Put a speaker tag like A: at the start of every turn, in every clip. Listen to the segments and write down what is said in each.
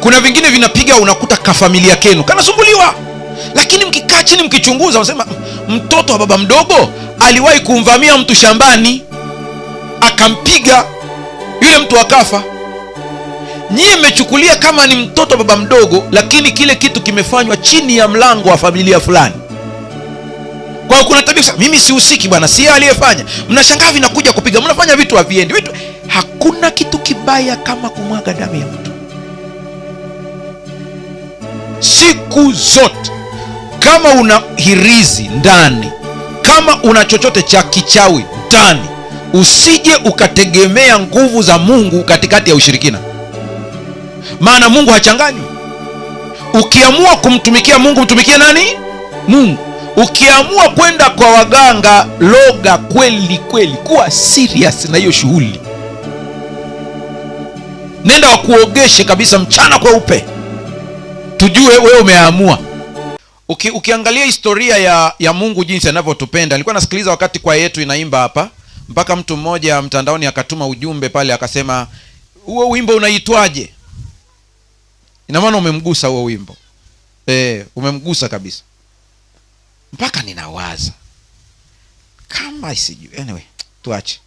A: kuna vingine vinapiga, unakuta kafamilia kenu kanasumbuliwa, lakini mkikaa chini mkichunguza, nasema mtoto wa baba mdogo aliwahi kumvamia mtu shambani akampiga, yule mtu akafa. Nyie mmechukulia kama ni mtoto wa baba mdogo, lakini kile kitu kimefanywa chini ya mlango wa familia fulani. Kwa hiyo kuna tabia, mimi sihusiki bwana, si aliyefanya. Mnashangaa vinakuja kupiga, mnafanya vitu haviendi vitu. Hakuna kitu kibaya kama kumwaga damu ya mtu siku zote. Kama una hirizi ndani, kama una chochote cha kichawi ndani, usije ukategemea nguvu za Mungu katikati ya ushirikina, maana Mungu hachanganywi. Ukiamua kumtumikia Mungu, mtumikie nani? Mungu. Ukiamua kwenda kwa waganga loga kweli kweli, kuwa serious na hiyo shughuli, nenda wakuogeshe kabisa mchana kweupe tujue wewe umeamua. Uki, ukiangalia historia ya ya Mungu jinsi anavyotupenda. Nilikuwa nasikiliza wakati kwa yetu inaimba hapa mpaka mtu mmoja mtandaoni akatuma ujumbe pale akasema, huo wimbo unaitwaje? Ina maana umemgusa huo wimbo e, umemgusa kabisa. Mpaka ninawaza kama sijui, anyway tuache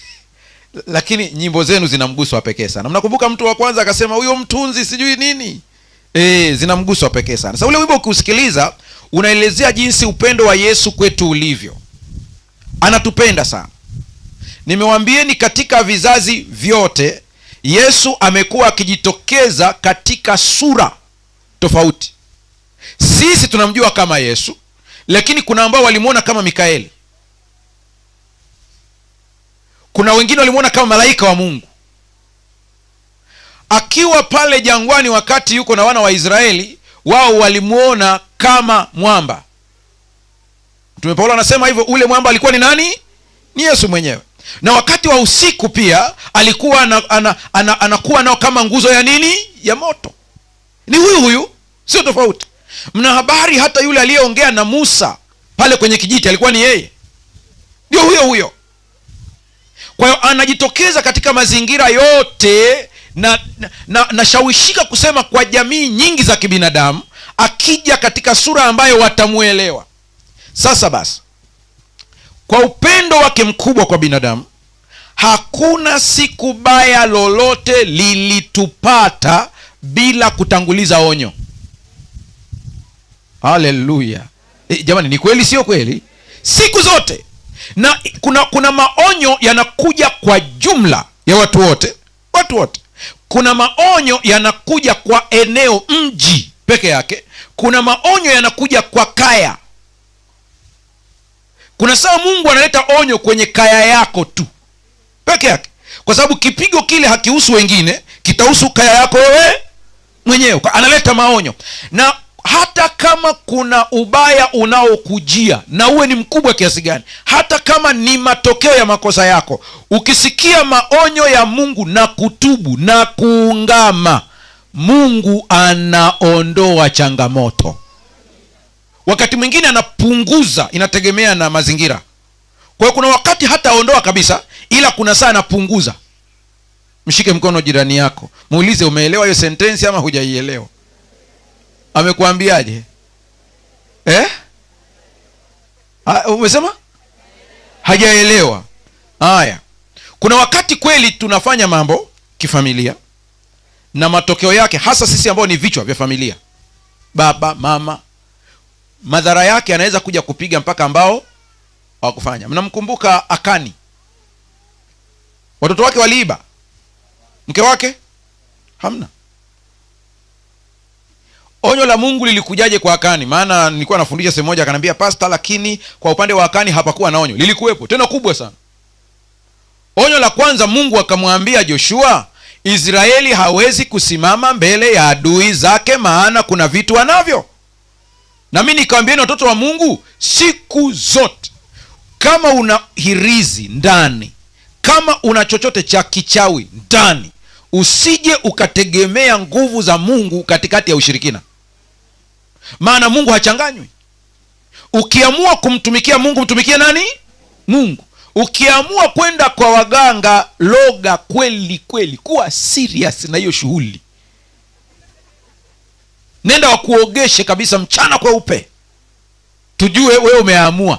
A: lakini nyimbo zenu zinamgusa pekee sana. Mnakumbuka mtu wa kwanza akasema huyo mtunzi sijui nini e, zinamgusa pekee sana. Sasa ule wimbo ukiusikiliza, unaelezea jinsi upendo wa Yesu kwetu ulivyo. Anatupenda sana. Nimewambieni, katika vizazi vyote Yesu amekuwa akijitokeza katika sura tofauti. Sisi tunamjua kama Yesu, lakini kuna ambao walimwona kama Mikaeli, kuna wengine walimwona kama malaika wa Mungu akiwa pale jangwani wakati yuko na wana wa israeli wao walimwona kama mwamba mtume paulo anasema hivyo ule mwamba alikuwa ni nani ni yesu mwenyewe na wakati wa usiku pia alikuwa ana, ana, ana, anakuwa nao kama nguzo ya nini ya moto ni huyu huyu sio tofauti mna habari hata yule aliyeongea na musa pale kwenye kijiti alikuwa ni yeye ndio huyo huyo kwa hiyo anajitokeza katika mazingira yote na nashawishika na, na kusema kwa jamii nyingi za kibinadamu akija katika sura ambayo watamwelewa. Sasa basi, kwa upendo wake mkubwa kwa binadamu, hakuna siku baya lolote lilitupata bila kutanguliza onyo. Haleluya! E, jamani, ni kweli, sio kweli? Siku zote na kuna, kuna maonyo yanakuja kwa jumla ya watu wote, watu wote kuna maonyo yanakuja kwa eneo mji peke yake kuna maonyo yanakuja kwa kaya kuna saa mungu analeta onyo kwenye kaya yako tu peke yake kwa sababu kipigo kile hakihusu wengine kitahusu kaya yako wewe mwenyewe analeta maonyo na hata kama kuna ubaya unaokujia na uwe ni mkubwa kiasi gani, hata kama ni matokeo ya makosa yako, ukisikia maonyo ya Mungu na kutubu na kuungama, Mungu anaondoa changamoto. Wakati mwingine anapunguza, inategemea na mazingira. Kwa hiyo kuna wakati hata aondoa kabisa, ila kuna saa anapunguza. Mshike mkono jirani yako, muulize, umeelewa hiyo sentensi ama hujaielewa? Amekuambiaje eh? Umesema hajaelewa. Haya, kuna wakati kweli tunafanya mambo kifamilia na matokeo yake, hasa sisi ambao ni vichwa vya familia, baba mama, madhara yake anaweza kuja kupiga mpaka ambao hawakufanya. Mnamkumbuka Akani? Watoto wake waliiba, mke wake hamna Onyo la Mungu lilikujaje kwa Akani? Maana nilikuwa nafundisha sehemu moja, akanambia pasta, lakini kwa upande wa Akani hapakuwa na onyo, lilikuwepo tena kubwa sana. Onyo la kwanza, Mungu akamwambia Joshua, Israeli hawezi kusimama mbele ya adui zake, maana kuna vitu anavyo Na mi ni watoto wa Mungu, siku zote kama una hirizi ndani, kama una chochote cha kichawi ndani, usije ukategemea nguvu za Mungu katikati ya ushirikina maana mungu hachanganywi ukiamua kumtumikia mungu mtumikie nani mungu ukiamua kwenda kwa waganga loga kweli kweli kuwa sirias na hiyo shughuli nenda wakuogeshe kabisa mchana kweupe tujue wewe umeamua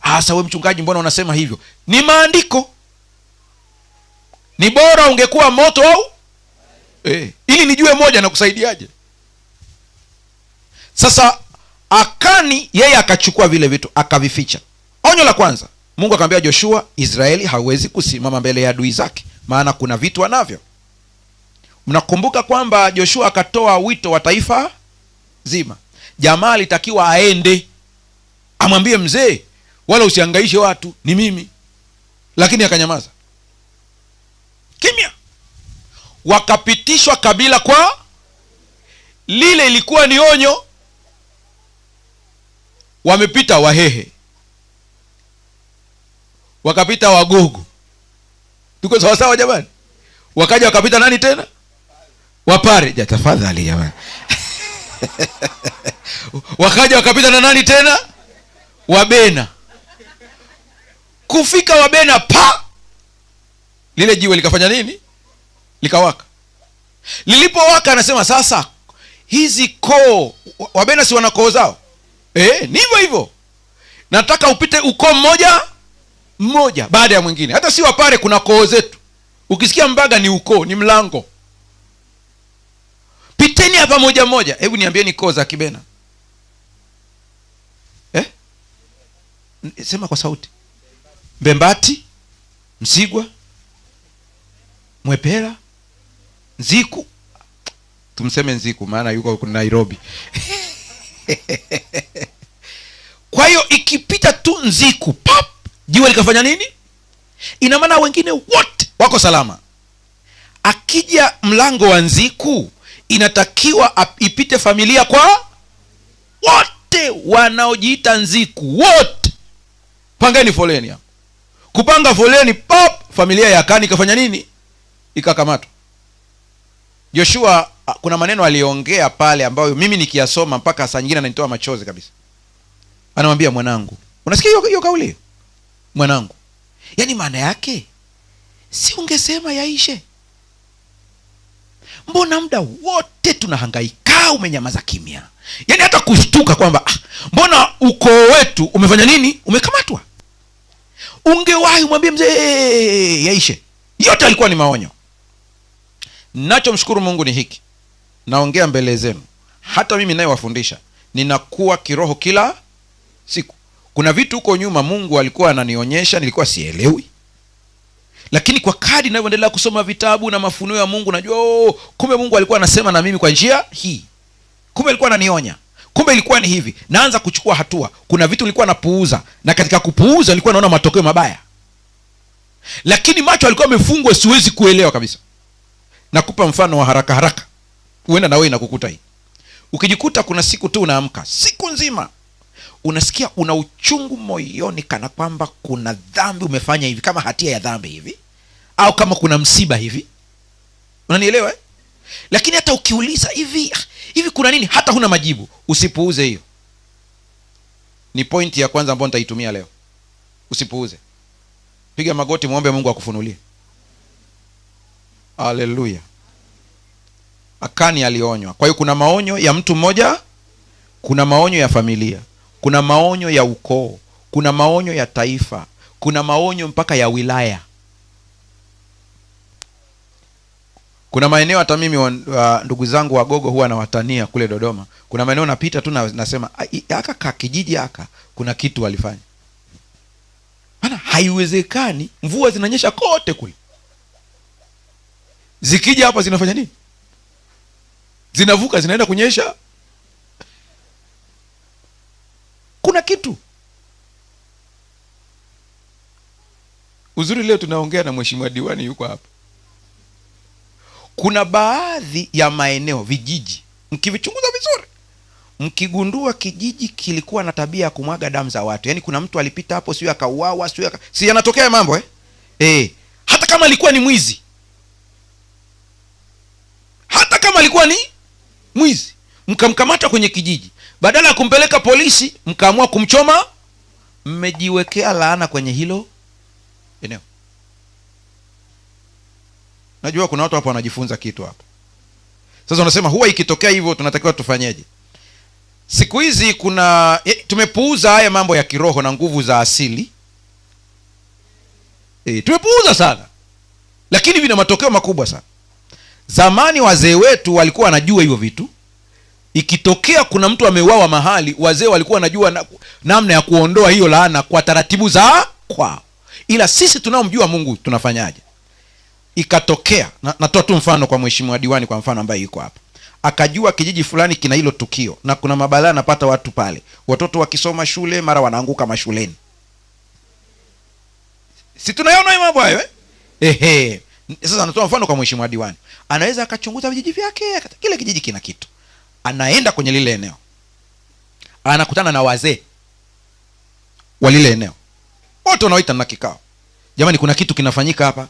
A: hasa ah, we mchungaji mbona unasema hivyo ni maandiko ni bora ungekuwa moto au e, ili nijue moja na kusaidiaje sasa Akani yeye akachukua vile vitu akavificha. Onyo la kwanza, Mungu akamwambia Joshua, Israeli hawezi kusimama mbele ya adui zake, maana kuna vitu anavyo Mnakumbuka kwamba Joshua akatoa wito wa taifa zima, jamaa alitakiwa aende amwambie mzee, wala usiangaishe watu, ni mimi, lakini akanyamaza kimya. Wakapitishwa kabila kwa lile, ilikuwa ni onyo wamepita Wahehe, wakapita Wagogo, tuko sawasawa jamani? Wakaja wakapita nani tena? Wapare. Ja, tafadhali jamani wakaja wakapita na nani tena? Wabena. Kufika Wabena, pa lile jiwe likafanya nini? Likawaka. Lilipowaka anasema sasa, hizi koo Wabena si wana koo zao Eh, ni hivyo hivyo nataka upite ukoo mmoja mmoja baada ya mwingine hata si wapare kuna koo zetu ukisikia mbaga ni ukoo ni mlango piteni hapa moja moja hebu niambieni koo za kibena eh? sema kwa sauti mbembati msigwa mwepera nziku tumseme nziku maana yuko nairobi kwa hiyo ikipita tu nziku pop jua likafanya nini? Ina maana wengine wote wako salama. Akija mlango wa nziku, inatakiwa ipite familia kwa wote wanaojiita nziku wote. Pangeni foleni kupanga foleni pop, familia ya kani ikafanya nini? Ikakamatwa. Yoshua ah, kuna maneno aliongea pale ambayo mimi nikiyasoma mpaka saa nyingine ananitoa machozi kabisa. Anamwambia mwanangu, unasikia hiyo kauli, mwanangu? Yaani maana yake si ungesema yaishe? Mbona muda wote tunahangaika, umenyamaza kimya, yaani hata kushtuka kwamba ah, mbona ukoo wetu umefanya nini, umekamatwa? Ungewahi umwambie mzee, eh, eh, eh, yaishe. Yote alikuwa ni maonyo nachomshukuru mungu ni hiki naongea mbele zenu hata mimi nayewafundisha ninakuwa kiroho kila siku kuna vitu huko nyuma mungu alikuwa ananionyesha nilikuwa sielewi lakini kwa kadi inavyoendelea kusoma vitabu na mafunuo ya mungu najua oh, kumbe mungu alikuwa anasema na mimi kwa njia hii kumbe alikuwa ananionya kumbe ilikuwa ni hivi naanza kuchukua hatua kuna vitu nilikuwa napuuza na katika kupuuza nilikuwa naona matokeo mabaya lakini macho alikuwa amefungwa siwezi kuelewa kabisa nakupa mfano wa haraka haraka uenda na wewe inakukuta hii ukijikuta kuna siku tu unaamka siku nzima unasikia una uchungu moyoni kana kwamba kuna dhambi umefanya hivi kama hatia ya dhambi hivi au kama kuna msiba hivi unanielewa eh? lakini hata ukiuliza hivi ah, hivi kuna nini hata huna majibu usipuuze hiyo ni pointi ya kwanza ambayo nitaitumia leo usipuuze piga magoti mwombe mungu akufunulie haleluya Akani alionywa. Kwa hiyo kuna maonyo ya mtu mmoja, kuna maonyo ya familia, kuna maonyo ya ukoo, kuna maonyo ya taifa, kuna maonyo mpaka ya wilaya. Kuna maeneo hata mimi wa, wa, ndugu zangu Wagogo huwa nawatania kule Dodoma. Kuna maeneo napita tu nasema ah, haka ka kijiji haka kuna kitu walifanya, maana haiwezekani mvua zinanyesha kote kule, zikija hapa zinafanya nini? zinavuka zinaenda kunyesha. Kuna kitu uzuri. Leo tunaongea na mweshimiwa diwani yuko hapa. Kuna baadhi ya maeneo vijiji, mkivichunguza vizuri, mkigundua kijiji kilikuwa na tabia ya kumwaga damu za watu. Yaani kuna mtu alipita hapo, siu akauawa, siu aka... si yanatokea mambo eh? e, hata kama alikuwa ni mwizi, hata kama alikuwa ni mwizi mkamkamata kwenye kijiji, badala ya kumpeleka polisi mkaamua kumchoma, mmejiwekea laana kwenye hilo eneo. Najua kuna watu hapo wanajifunza kitu hapa. Sasa unasema huwa ikitokea hivyo tunatakiwa tufanyeje? Siku hizi kuna e, tumepuuza haya mambo ya kiroho na nguvu za asili e, tumepuuza sana, lakini vina matokeo makubwa sana. Zamani wazee wetu walikuwa wanajua hivyo vitu. Ikitokea kuna mtu ameuawa mahali, wazee walikuwa wanajua na, namna ya kuondoa hiyo laana kwa taratibu za kwao. Ila sisi tunaomjua Mungu tunafanyaje? Ikatokea na, natoa tu mfano kwa mheshimiwa diwani, kwa mfano ambaye yuko hapa akajua kijiji fulani kina hilo tukio na kuna mabalaa anapata watu pale, watoto wakisoma shule mara wanaanguka mashuleni. Si tunayona mambo hayo eh? Ehe, sasa anatoa mfano kwa mheshimiwa diwani, anaweza akachunguza vijiji vyake, kile kijiji kina kitu, anaenda kwenye lile eneo, anakutana na wazee wa lile eneo, wote wanaoita na kikao, jamani, kuna kitu kinafanyika hapa.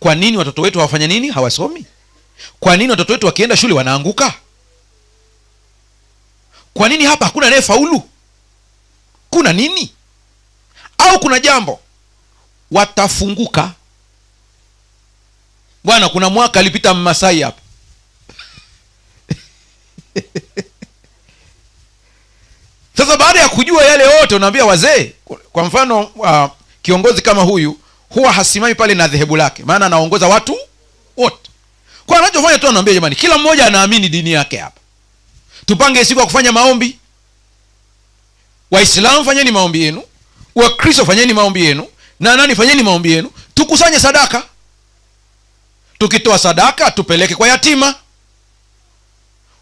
A: Kwa nini watoto wetu hawafanya nini? Hawasomi? Kwa nini watoto wetu wakienda shule wanaanguka? Kwa nini hapa hakuna faulu Kuna nini? Au kuna jambo watafunguka bwana kuna mwaka alipita mmasai hapa sasa baada ya kujua yale yote unaambia wazee kwa mfano uh, kiongozi kama huyu huwa hasimami pale na dhehebu lake maana anaongoza watu wote kwa anachofanya tu anaambia jamani kila mmoja anaamini dini yake hapa tupange siku ya kufanya maombi waislamu fanyeni maombi yenu wakristo fanyeni maombi yenu na nani fanyeni maombi yenu tukusanye sadaka tukitoa sadaka tupeleke kwa yatima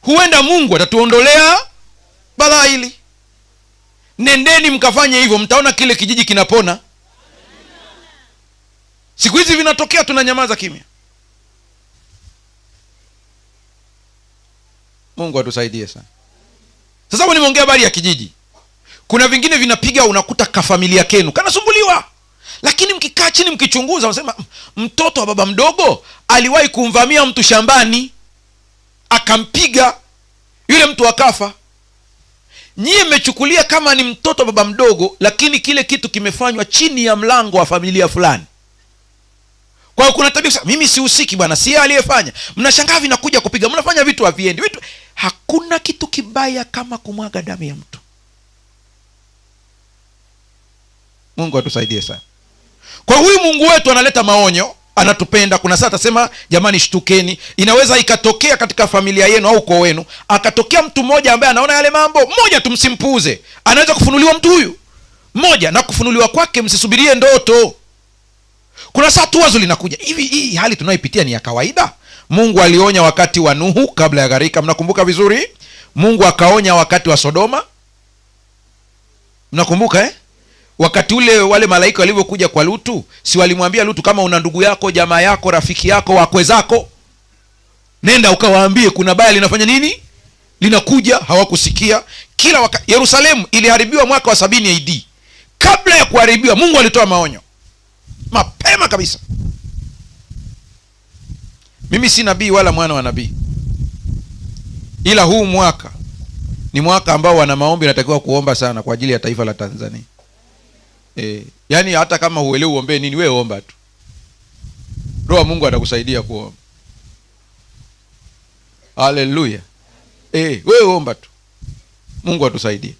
A: huenda mungu atatuondolea balaa hili nendeni mkafanye hivyo mtaona kile kijiji kinapona siku hizi vinatokea tuna nyamaza kimya mungu atusaidie sana sasa nimeongea habari ya kijiji kuna vingine vinapiga unakuta kafamilia kenu kanasumbuliwa lakini mkikaa chini mkichunguza nasema mtoto wa baba mdogo aliwahi kumvamia mtu shambani akampiga yule mtu akafa nyiye mmechukulia kama ni mtoto wa baba mdogo lakini kile kitu kimefanywa chini ya mlango wa familia fulani kwa hiyo kuna tabia mimi sihusiki bwana siye aliyefanya mnashangaa vinakuja kupiga mnafanya vitu haviendi vitu hakuna kitu kibaya kama kumwaga damu ya mtu mungu atusaidie sana kwa huyu mungu wetu analeta maonyo anatupenda kuna saa atasema jamani shtukeni inaweza ikatokea katika familia yenu au ukoo wenu akatokea mtu mmoja ambaye anaona yale mambo mmoja tumsimpuze anaweza kufunuliwa mtu huyu mmoja na kufunuliwa kwake msisubirie ndoto kuna saa tu wazo linakuja hivi hii hali tunayoipitia ni ya kawaida mungu alionya wakati wa nuhu kabla ya gharika mnakumbuka vizuri mungu akaonya wakati wa sodoma mnakumbuka eh? wakati ule wale malaika walivyokuja kwa Lutu, si walimwambia Lutu, kama una ndugu yako jamaa yako rafiki yako wakwe zako, nenda ukawaambie kuna baya linafanya nini, linakuja. Hawakusikia. Kila waka... Yerusalemu iliharibiwa mwaka wa sabini AD. Kabla ya kuharibiwa, Mungu alitoa maonyo mapema kabisa. Mimi si nabii wala mwana wa nabii, ila huu mwaka ni mwaka ambao wana maombi, natakiwa kuomba sana kwa ajili ya taifa la Tanzania e, yani hata kama huelewi uombee nini, we omba tu, roho Mungu atakusaidia kuomba. Haleluya! E, we omba tu, Mungu atusaidie.